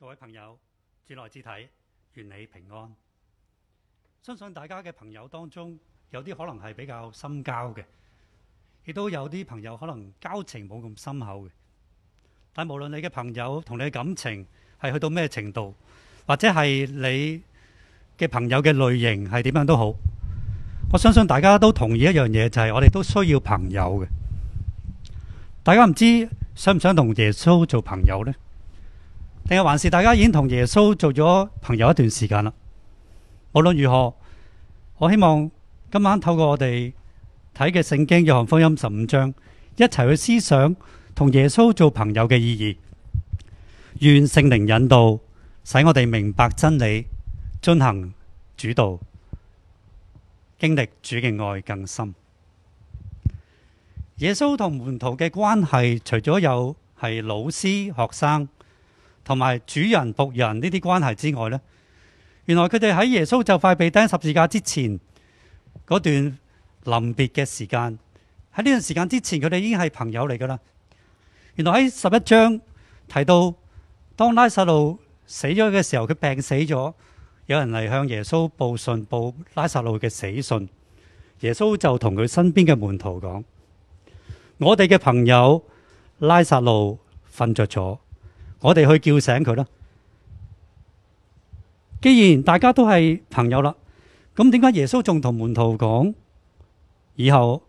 各位朋友，主內肢體，願你平安。相信大家嘅朋友當中，有啲可能係比較深交嘅，亦都有啲朋友可能交情冇咁深厚嘅。但係無論你嘅朋友同你嘅感情係去到咩程度，或者係你嘅朋友嘅類型係點樣都好，我相信大家都同意一樣嘢，就係我哋都需要朋友嘅。大家唔知想唔想同耶穌做朋友呢？定係還是大家已經同耶穌做咗朋友一段時間啦？無論如何，我希望今晚透過我哋睇嘅聖經約翰福音十五章，一齊去思想同耶穌做朋友嘅意義。願聖靈引導，使我哋明白真理，遵行主道，經歷主嘅愛更深。耶穌同門徒嘅關係，除咗有係老師學生。同埋主人僕人呢啲關係之外咧，原來佢哋喺耶穌就快被釘十字架之前嗰段臨別嘅時間，喺呢段時間之前佢哋已經係朋友嚟㗎喇。原來喺十一章提到，當拉撒路死咗嘅時候，佢病死咗，有人嚟向耶穌報信，報拉撒路嘅死訊。耶穌就同佢身邊嘅門徒講：我哋嘅朋友拉撒路瞓着咗。我哋去叫醒佢啦。既然大家都係朋友啦，咁點解耶穌仲同門徒講以後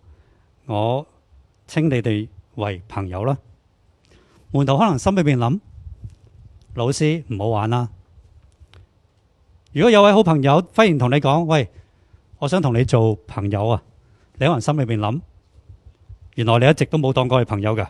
我稱你哋為朋友啦？門徒可能心裏邊諗，老師唔好玩啦。如果有位好朋友忽然同你講，喂，我想同你做朋友啊，你可能心裏邊諗，原來你一直都冇當過我係朋友噶。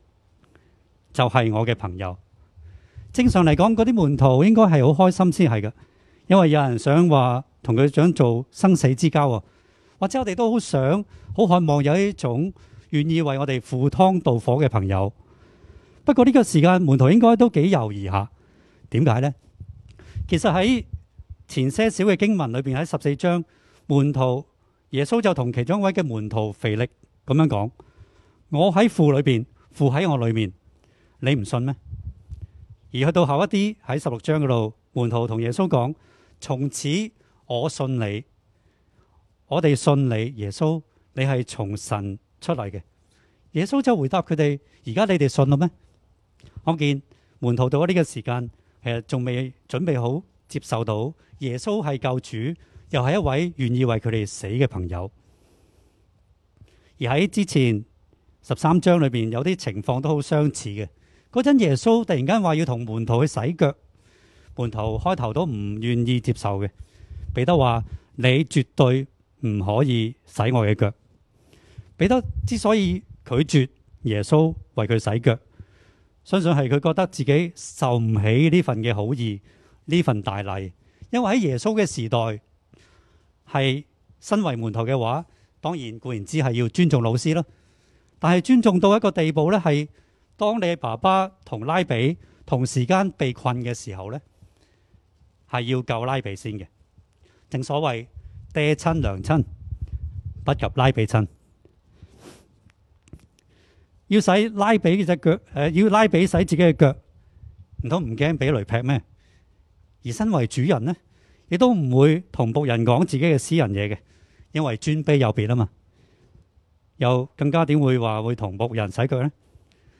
就係我嘅朋友。正常嚟講，嗰啲門徒應該係好開心先係嘅，因為有人想話同佢想做生死之交啊，或者我哋都好想好渴望有一種願意為我哋赴湯蹈火嘅朋友。不過呢個時間，門徒應該都幾猶豫下。點解呢？其實喺前些少嘅經文裏邊喺十四章，門徒耶穌就同其中一位嘅門徒腓力咁樣講：我喺父裏邊，父喺我裏面。你唔信咩？而去到下一啲喺十六章嗰度，門徒同耶穌講：從此我信你，我哋信你，耶穌，你係從神出嚟嘅。耶穌就回答佢哋：而家你哋信咯咩？我見門徒到呢個時間，其實仲未準備好接受到耶穌係救主，又係一位願意為佢哋死嘅朋友。而喺之前十三章裏邊，有啲情況都好相似嘅。嗰陣耶穌突然間話要同門徒去洗腳，門徒開頭都唔願意接受嘅。彼得話：你絕對唔可以洗我嘅腳。彼得之所以拒絕耶穌為佢洗腳，相信係佢覺得自己受唔起呢份嘅好意，呢份大禮。因為喺耶穌嘅時代，係身為門徒嘅話，當然固然之係要尊重老師咯。但係尊重到一個地步咧，係。當你爸爸同拉比同時間被困嘅時候咧，係要救拉比先嘅。正所謂爹親娘親，不及拉比親。要洗拉比嘅隻腳，誒、呃、要拉比洗自己嘅腳，唔通唔驚俾雷劈咩？而身為主人咧，亦都唔會同僕人講自己嘅私人嘢嘅，因為尊卑有別啊嘛。又更加點會話會同僕人洗腳咧？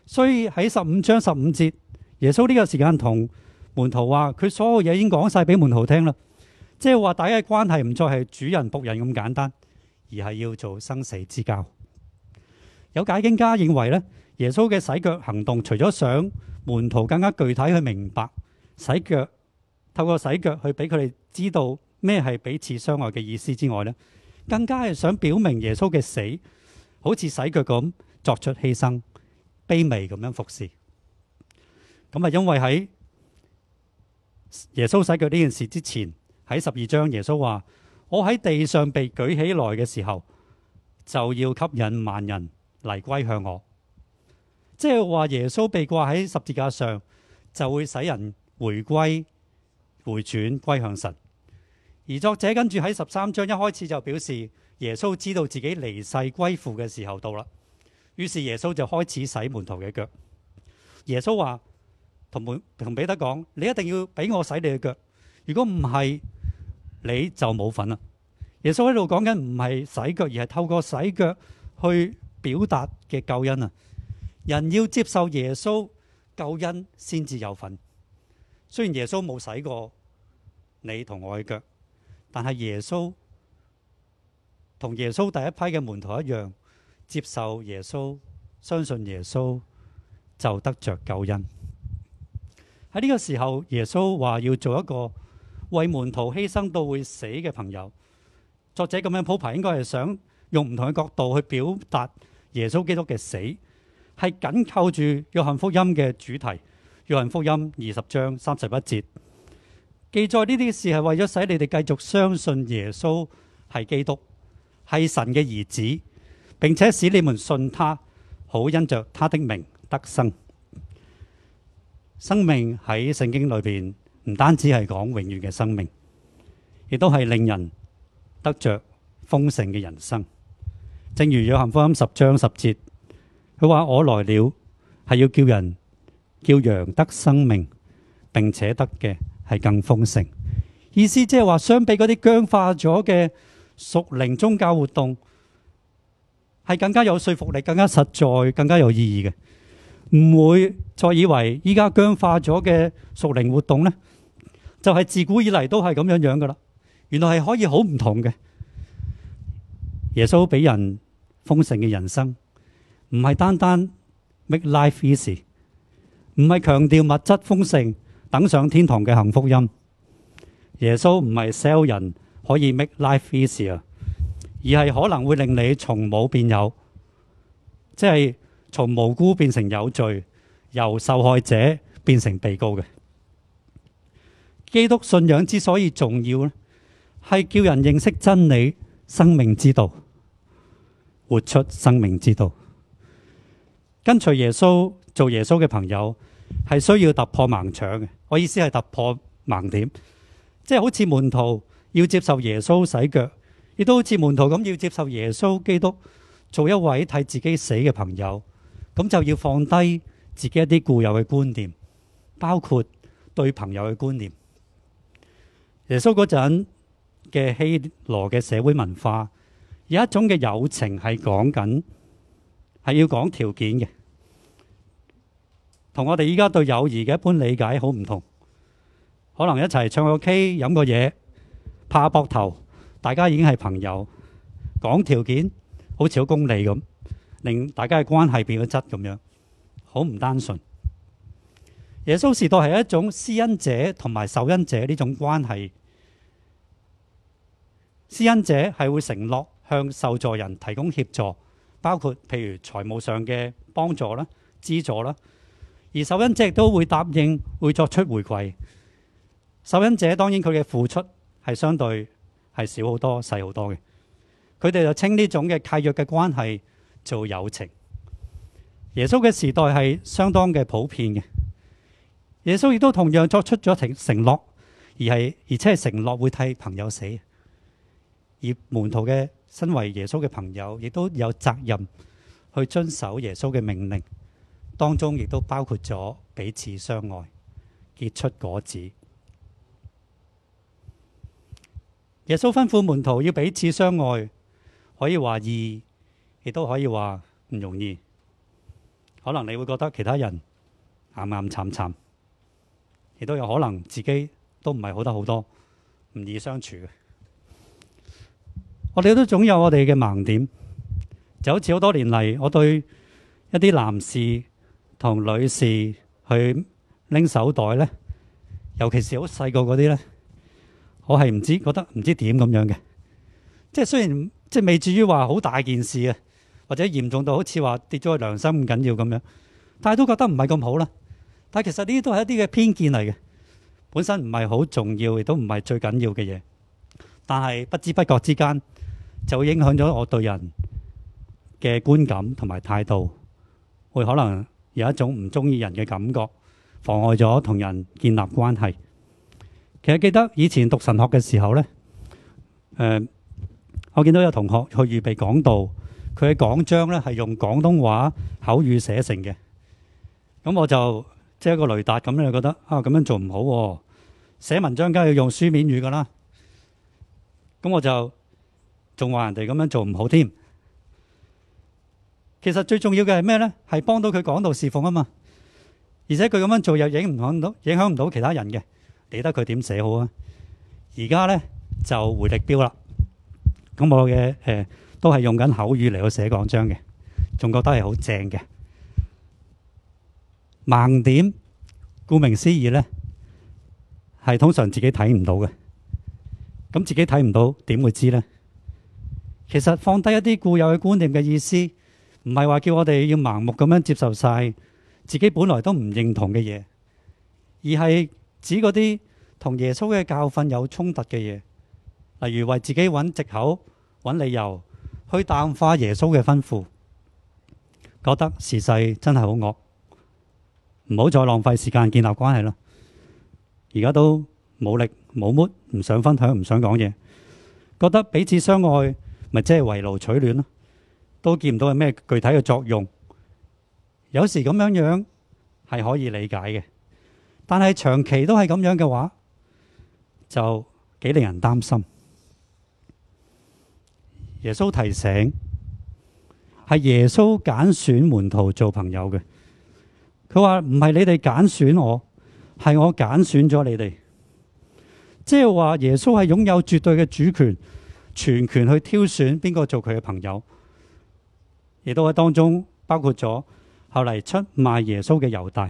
所以喺十五章十五節，耶穌呢個時間同門徒話佢所有嘢已經講晒俾門徒聽啦，即係話大家嘅關係唔再係主人僕人咁簡單，而係要做生死之交。有解經家認為咧，耶穌嘅洗腳行動除咗想門徒更加具體去明白洗腳，透過洗腳去俾佢哋知道咩係彼此相愛嘅意思之外咧，更加係想表明耶穌嘅死好似洗腳咁作出犧牲。卑微咁樣服侍，咁啊，因為喺耶穌洗腳呢件事之前，喺十二章，耶穌話：我喺地上被舉起來嘅時候，就要吸引萬人嚟歸向我。即係話耶穌被掛喺十字架上，就會使人回歸、回轉、歸向神。而作者跟住喺十三章一開始就表示，耶穌知道自己離世歸父嘅時候到啦。於是耶穌就開始洗門徒嘅腳。耶穌話同門同彼得講：你一定要俾我洗你嘅腳，如果唔係你就冇份啦。耶穌喺度講緊唔係洗腳，而係透過洗腳去表達嘅救恩啊！人要接受耶穌救恩先至有份。雖然耶穌冇洗過你同我嘅腳，但係耶穌同耶穌第一批嘅門徒一樣。接受耶穌，相信耶穌，就得着救恩。喺呢個時候，耶穌話要做一個為門徒犧牲到會死嘅朋友。作者咁樣鋪排，應該係想用唔同嘅角度去表達耶穌基督嘅死，係緊扣住約翰福音嘅主題。約翰福音二十章三十一節記載呢啲事係為咗使你哋繼續相信耶穌係基督，係神嘅兒子。並且使你們信他，好因着他的名得生。生命喺聖經裏邊唔單止係講永遠嘅生命，亦都係令人得着豐盛嘅人生。正如約翰福音十章十節，佢話，我來了，係要叫人叫羊得生命，並且得嘅係更豐盛。意思即係話，相比嗰啲僵化咗嘅屬靈宗教活動。係更加有說服力、更加實在、更加有意義嘅，唔會再以為依家僵化咗嘅屬靈活動咧，就係自古以嚟都係咁樣樣噶啦。原來係可以好唔同嘅。耶穌俾人豐盛嘅人生，唔係單單 make life easy，唔係強調物質豐盛，等上天堂嘅幸福音。耶穌唔係 sell 人可以 make life easy。而係可能會令你從冇變有，即係從無辜變成有罪，由受害者變成被告嘅。基督信仰之所以重要咧，係叫人認識真理、生命之道，活出生命之道。跟隨耶穌做耶穌嘅朋友係需要突破盲腸嘅，我意思係突破盲點，即係好似門徒要接受耶穌洗腳。亦都好似門徒咁，要接受耶穌基督做一位替自己死嘅朋友，咁就要放低自己一啲固有嘅觀念，包括對朋友嘅觀念。耶穌嗰陣嘅希羅嘅社會文化，有一種嘅友情係講緊，係要講條件嘅，同我哋依家對友誼嘅一般理解好唔同。可能一齊唱個 K 個、飲個嘢、拍下膊頭。大家已經係朋友，講條件好似好功利咁，令大家嘅關係變咗質咁樣，好唔單純。耶穌時代係一種施恩者同埋受恩者呢種關係，施恩者係會承諾向受助人提供協助，包括譬如財務上嘅幫助啦、資助啦，而受恩者都會答應會作出回饋。受恩者當然佢嘅付出係相對，係少好多、細好多嘅，佢哋就稱呢種嘅契約嘅關係做友情。耶穌嘅時代係相當嘅普遍嘅。耶穌亦都同樣作出咗承承諾，而係而且係承諾會替朋友死。而門徒嘅身為耶穌嘅朋友，亦都有責任去遵守耶穌嘅命令，當中亦都包括咗彼此相愛、結出果子。耶穌吩咐門徒要彼此相愛，可以話易，亦都可以話唔容易。可能你會覺得其他人巖巖巉巉，亦都有可能自己都唔係好得好多，唔易相處嘅。我哋都總有我哋嘅盲點，就好似好多年嚟，我對一啲男士同女士去拎手袋咧，尤其是好細個嗰啲咧。我係唔知，覺得唔知點咁樣嘅。即係雖然即係未至於話好大件事啊，或者嚴重到好似話跌咗去良心咁緊要咁樣，但係都覺得唔係咁好啦。但係其實呢啲都係一啲嘅偏見嚟嘅，本身唔係好重要，亦都唔係最緊要嘅嘢。但係不知不覺之間，就會影響咗我對人嘅觀感同埋態度，會可能有一種唔中意人嘅感覺，妨礙咗同人建立關係。其實記得以前讀神學嘅時候咧，誒，我見到有同學去預備講道，佢嘅講章咧係用廣東話口語寫成嘅，咁我就即係一個雷達咁樣，就覺得啊，咁樣做唔好喎，寫文章梗係要用書面語噶啦，咁我就仲話人哋咁樣做唔好添。其實最重要嘅係咩咧？係幫到佢講道侍奉啊嘛，而且佢咁樣做又影唔響到影響唔到其他人嘅。記得佢點寫好啊？而家咧就回力標啦。咁我嘅，誒，都係用緊口語嚟到寫講章嘅，仲覺得係好正嘅。盲點，顧名思義咧，係通常自己睇唔到嘅。咁自己睇唔到，點會知咧？其實放低一啲固有嘅觀念嘅意思，唔係話叫我哋要盲目咁樣接受晒自己本來都唔認同嘅嘢，而係，指嗰啲同耶穌嘅教訓有衝突嘅嘢，例如為自己揾藉口、揾理由去淡化耶穌嘅吩咐，覺得時勢真係好惡，唔好再浪費時間建立關係啦。而家都冇力、冇乜，唔想分享，唔想講嘢，覺得彼此相愛咪即係圍爐取暖咯，都見唔到有咩具體嘅作用。有時咁樣樣係可以理解嘅。但係長期都係咁樣嘅話，就幾令人擔心。耶穌提醒，係耶穌揀選門徒做朋友嘅。佢話唔係你哋揀選我，係我揀選咗你哋。即係話耶穌係擁有絕對嘅主權，全權去挑選邊個做佢嘅朋友，亦都喺當中包括咗後嚟出賣耶穌嘅猶大。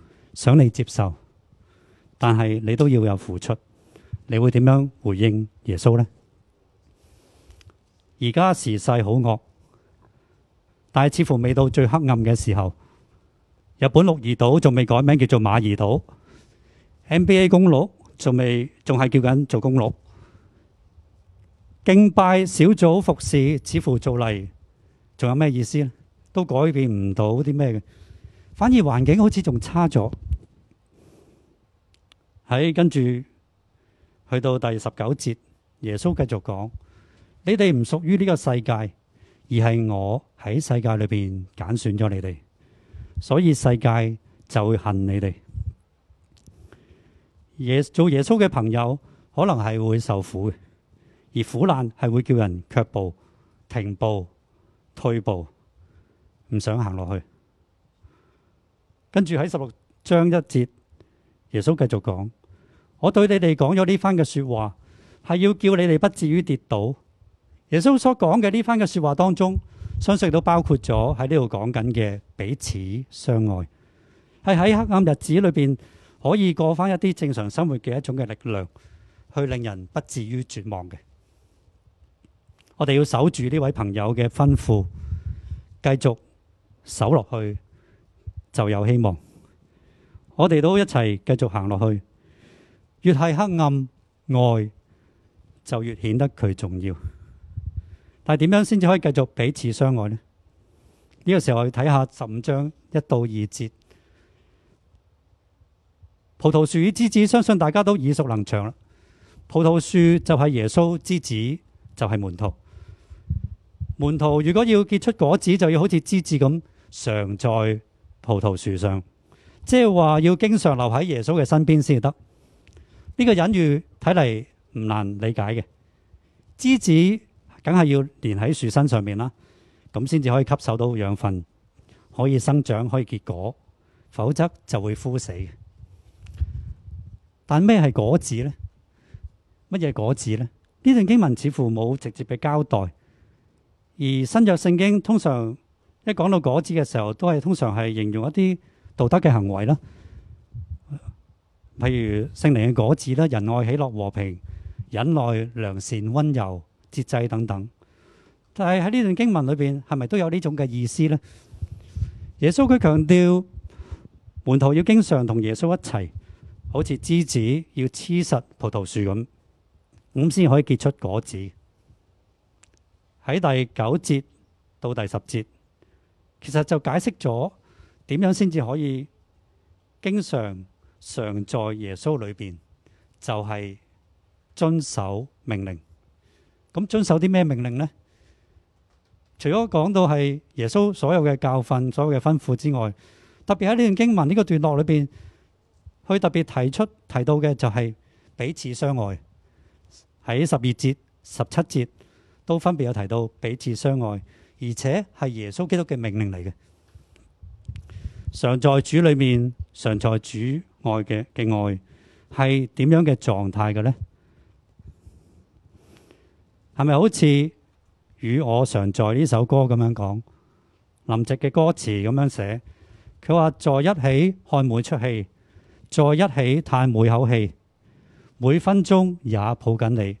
想你接受，但係你都要有付出。你會點樣回應耶穌呢？而家時勢好惡，但係似乎未到最黑暗嘅時候。日本鹿兒島仲未改名叫做馬兒島，NBA 公路仲未仲係叫緊做公路。敬拜小組服侍，似乎做嚟，仲有咩意思呢？都改變唔到啲咩嘅。反而環境好似仲差咗。喺跟住去到第十九節，耶穌繼續講：「你哋唔屬於呢個世界，而係我喺世界裏邊揀選咗你哋，所以世界就會恨你哋。耶做耶穌嘅朋友，可能係會受苦，而苦難係會叫人卻步、停步、退步，唔想行落去。跟住喺十六章一節，耶穌繼續講：我對你哋講咗呢番嘅說話，係要叫你哋不至於跌倒。耶穌所講嘅呢番嘅說話當中，相信都包括咗喺呢度講緊嘅彼此相愛，係喺黑暗日子裏邊可以過翻一啲正常生活嘅一種嘅力量，去令人不至於絕望嘅。我哋要守住呢位朋友嘅吩咐，繼續守落去。就有希望，我哋都一齊繼續行落去。越係黑暗，愛就越顯得佢重要。但係點樣先至可以繼續彼此相愛呢？呢個時候要睇下十五章一到二節，《葡萄樹與枝子》，相信大家都耳熟能詳啦。葡萄樹就係耶穌，枝子，就係門徒。門徒如果要結出果子，就要好似枝子咁常在葡萄樹上，即係話要經常留喺耶穌嘅身邊先得。呢個隱喻睇嚟，唔難理解嘅。枝子梗係要連喺樹身上面啦，咁先至可以吸收到養分，可以生長，可以結果，否則就會枯死嘅。但咩係果子咧？乜嘢果子咧？呢段經文似乎冇直接嘅交代，而新約聖經通常，一講到果子嘅時候，都係通常係形容一啲道德嘅行為啦。譬如聖靈嘅果子啦，仁愛、喜樂、和平、忍耐、良善、溫柔、節制等等。但係喺呢段經文裏邊，係咪都有呢種嘅意思呢？耶穌佢強調門徒要經常同耶穌一齊，好似枝子要黐實葡萄樹咁，咁先可以結出果子。喺第九節到第十節。其實就解釋咗點樣先至可以經常常在耶穌裏邊，就係、是、遵守命令。咁、嗯、遵守啲咩命令呢？除咗講到係耶穌所有嘅教訓、所有嘅吩咐之外，特別喺呢段經文呢個段落裏邊，佢特別提出提到嘅就係彼此相愛。喺十二節、十七節都分別有提到彼此相愛。而且係耶穌基督嘅命令嚟嘅，常在主裏面，常在主愛嘅嘅愛係點樣嘅狀態嘅呢？係咪好似《與我常在》呢首歌咁樣講？林夕嘅歌詞咁樣寫，佢話在一起看每出戲，在一起嘆每口氣，每分鐘也抱緊你。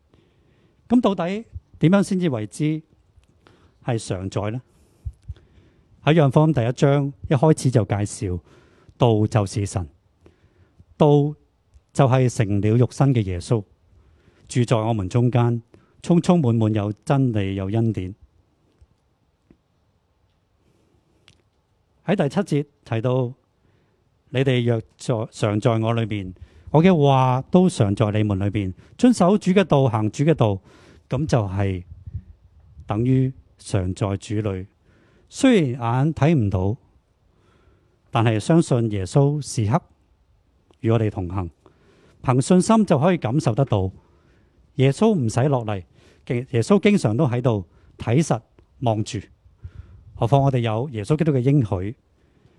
咁到底點樣先至為之係常在呢？喺約翰福音第一章一開始就介紹，道就是神，道就係成了肉身嘅耶穌，住在我們中間，充充滿滿有真理有恩典。喺第七節提到，你哋若在常在我裏面，我嘅話都常在你們裏面，遵守主嘅道，行主嘅道。咁就係等於常在主裏，雖然眼睇唔到，但係相信耶穌時刻與我哋同行，憑信心就可以感受得到。耶穌唔使落嚟，耶穌經常都喺度睇實望住。何況我哋有耶穌基督嘅應許，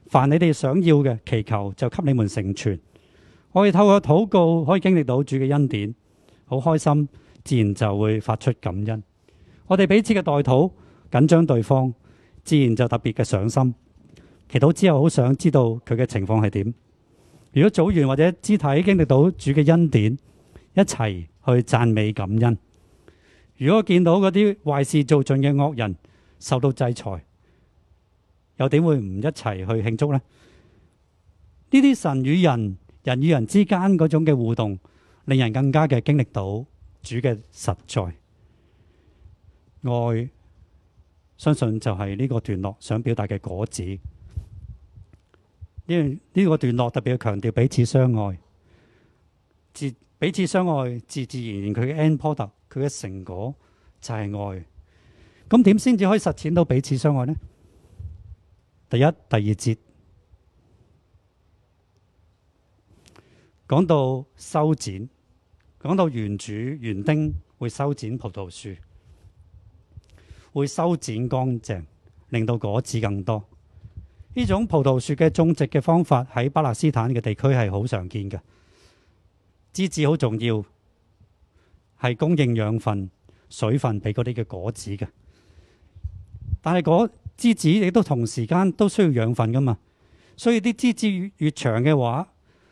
凡你哋想要嘅祈求，就給你們成全。我哋透過禱告，可以經歷到主嘅恩典，好開心。自然就會發出感恩。我哋彼此嘅代禱緊張對方，自然就特別嘅上心。祈禱之後好想知道佢嘅情況係點。如果組員或者肢體經歷到主嘅恩典，一齊去讚美感恩。如果見到嗰啲壞事做盡嘅惡人受到制裁，又點會唔一齊去慶祝呢？呢啲神與人、人與人之間嗰種嘅互動，令人更加嘅經歷到。主嘅實在愛，相信就係呢個段落想表達嘅果子。呢樣呢個段落特別要強調彼此相愛，自彼此相愛，自自然然佢嘅 end product 佢嘅成果就係愛。咁點先至可以實踐到彼此相愛呢？第一、第二節講到修剪。講到園主園丁會修剪葡萄樹，會修剪乾淨，令到果子更多。呢種葡萄樹嘅種植嘅方法喺巴勒斯坦嘅地區係好常見嘅。枝子好重要，係供應養分、水分俾嗰啲嘅果子嘅。但係果枝子亦都同時間都需要養分噶嘛，所以啲枝子越越長嘅話，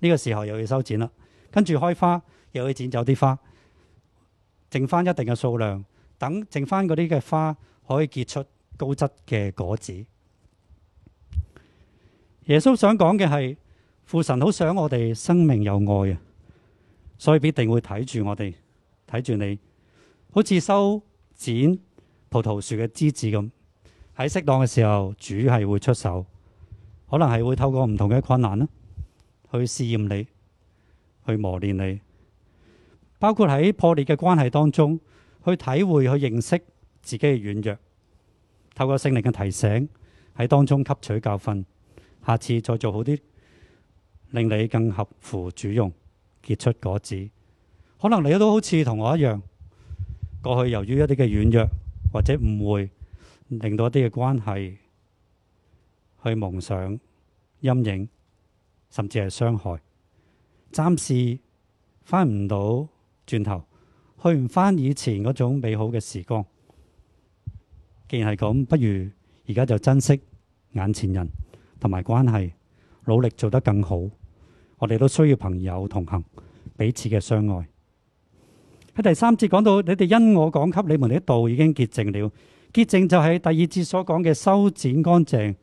呢個時候又要修剪啦，跟住開花，又要剪走啲花，剩翻一定嘅數量，等剩翻嗰啲嘅花可以結出高質嘅果子。耶穌想講嘅係父神好想我哋生命有愛啊，所以必定會睇住我哋，睇住你，好似修剪葡萄樹嘅枝子咁，喺適當嘅時候，主係會出手，可能係會透過唔同嘅困難啦。去試驗你，去磨練你，包括喺破裂嘅關係當中，去體會、去認識自己嘅軟弱。透過聖靈嘅提醒，喺當中吸取教訓，下次再做好啲，令你更合乎主用，結出果子。可能你都好似同我一樣，過去由於一啲嘅軟弱或者誤會，令到一啲嘅關係去蒙上陰影。甚至係傷害，暫時翻唔到轉頭，去唔翻以前嗰種美好嘅時光。既然係咁，不如而家就珍惜眼前人同埋關係，努力做得更好。我哋都需要朋友同行，彼此嘅相愛。喺第三節講到，你哋因我講給你們的道已經潔淨了，潔淨就係第二節所講嘅修剪乾淨。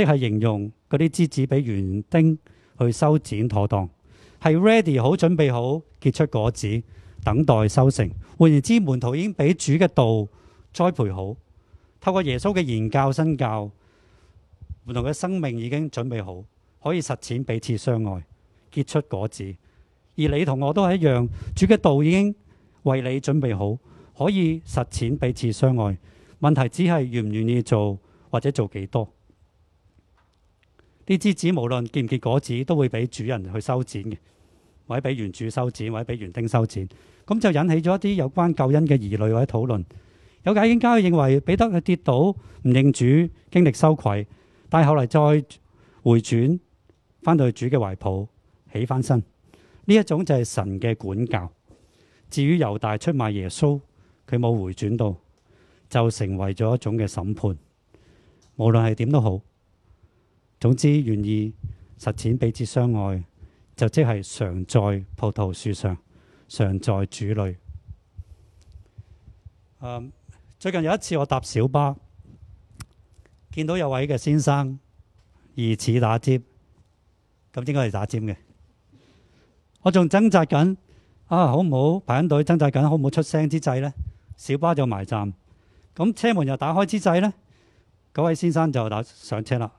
即係形容嗰啲枝子俾園丁去修剪妥當，係 ready 好準備好結出果子，等待收成。換言之，門徒已經俾主嘅道栽培好，透過耶穌嘅言教身教，門徒嘅生命已經準備好可以實踐彼此相愛，結出果子。而你同我都係一樣，主嘅道已經為你準備好可以實踐彼此相愛。問題只係願唔願意做，或者做幾多。呢啲枝子無論結唔結果子，都會俾主人去修剪嘅，或者俾園主修剪，或者俾園丁修剪。咁就引起咗一啲有關救恩嘅疑慮或者討論。有解經家認為彼得嘅跌倒唔認主，經歷羞愧，但係後嚟再回轉翻到去主嘅懷抱，起翻身。呢一種就係神嘅管教。至於猶大出賣耶穌，佢冇回轉到，就成為咗一種嘅審判。無論係點都好。總之，願意實踐彼此相愛，就即係常在葡萄樹上，常在主裏。誒、嗯，最近有一次我搭小巴，見到有位嘅先生疑似打尖，咁應該係打尖嘅。我仲掙扎緊啊，好唔好排緊隊掙扎緊，好唔好出聲之際咧，小巴就埋站，咁車門又打開之際咧，嗰位先生就打上車啦。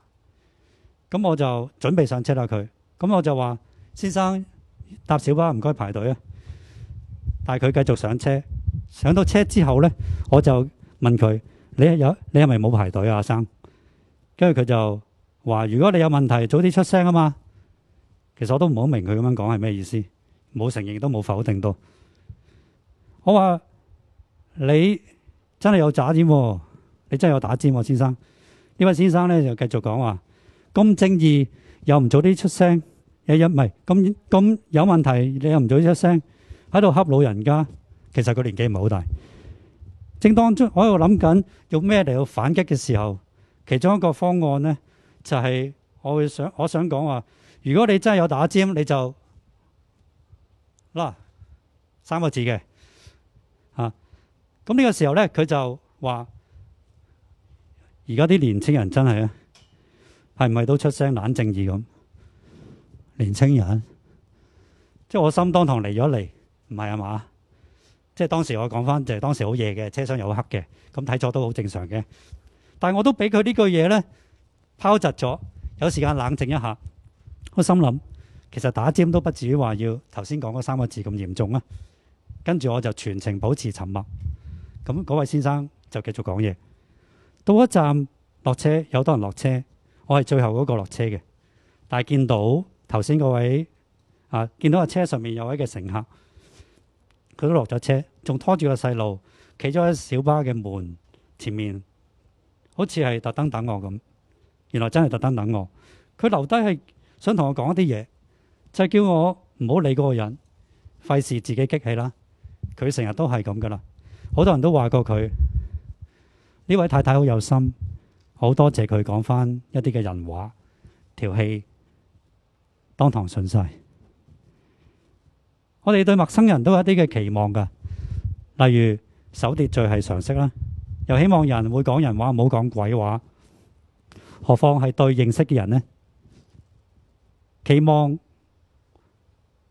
咁我就準備上車啦。佢咁我就話：先生，搭小巴唔該排隊啊！但係佢繼續上車，上到車之後咧，我就問佢：你有你係咪冇排隊啊？阿生，跟住佢就話：如果你有問題，早啲出聲啊嘛。其實我都唔好明佢咁樣講係咩意思，冇承認都冇否定到。我話，你真係有詐諦喎，你真係有打尖喎，先生，呢位先生咧就繼續講話。咁正義又唔早啲出聲，又唔係咁咁有問題，你又唔早啲出聲，喺度恰老人家，其實佢年紀唔係好大。正當中我喺度諗緊用咩嚟去反擊嘅時候，其中一個方案咧就係我會想，我想講話，如果你真係有打尖，你就嗱三個字嘅嚇。咁呢個時候咧，佢就話：而家啲年青人真係啊！係咪都出聲冷靜意咁？年青人，即係我心當堂嚟咗嚟，唔係啊嘛？即係當時我講翻，就係當時好夜嘅車廂又好黑嘅，咁睇錯都好正常嘅。但係我都俾佢呢句嘢咧拋窒咗，有時間冷靜一下。我心諗，其實打尖都不至於話要頭先講嗰三個字咁嚴重啊。跟住我就全程保持沉默，咁嗰位先生就繼續講嘢。到一站落車，有多人落車。我係最後嗰個落車嘅，但係見到頭先嗰位啊，見到個車上面有位嘅乘客，佢都落咗車，仲拖住個細路企咗喺小巴嘅門前面，好似係特登等我咁。原來真係特登等我，佢留低係想同我講一啲嘢，就係叫我唔好理嗰個人，費事自己激氣啦。佢成日都係咁噶啦，好多人都話過佢。呢位太太好有心。好多謝佢講翻一啲嘅人話，條氣，當堂順晒。我哋對陌生人都有一啲嘅期望㗎，例如守秩序係常識啦，又希望人會講人話，唔好講鬼話。何況係對認識嘅人呢？期望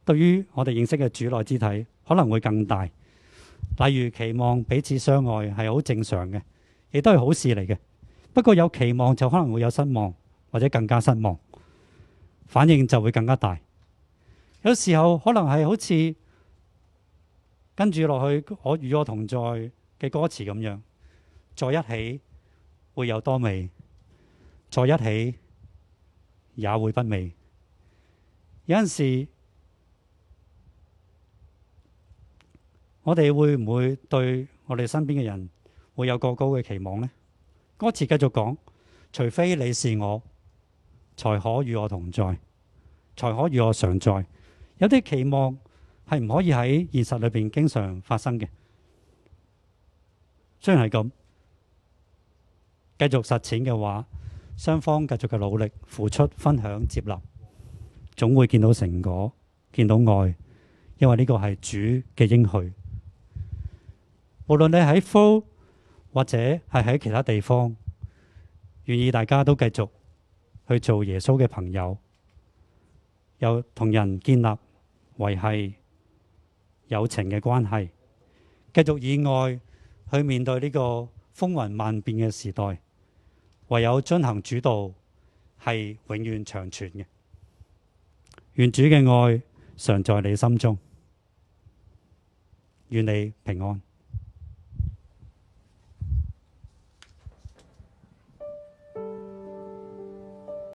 對於我哋認識嘅主內肢體可能會更大。例如期望彼此相愛係好正常嘅，亦都係好事嚟嘅。不過有期望就可能會有失望，或者更加失望，反應就會更加大。有時候可能係好似跟住落去，我與我同在嘅歌詞咁樣，在一起會有多美，在一起也會不美。有陣時，我哋會唔會對我哋身邊嘅人會有過高嘅期望呢？歌詞繼續講，除非你是我，才可與我同在，才可與我常在。有啲期望係唔可以喺現實裏邊經常發生嘅。雖然係咁，繼續實踐嘅話，雙方繼續嘅努力、付出、分享、接納，總會見到成果，見到愛，因為呢個係主嘅應許。無論你喺 flow 或者係喺其他地方，願意大家都繼續去做耶穌嘅朋友，又同人建立維繫友情嘅關係，繼續以愛去面對呢個風雲萬變嘅時代。唯有遵行主道，係永遠長存嘅。願主嘅愛常在你心中，願你平安。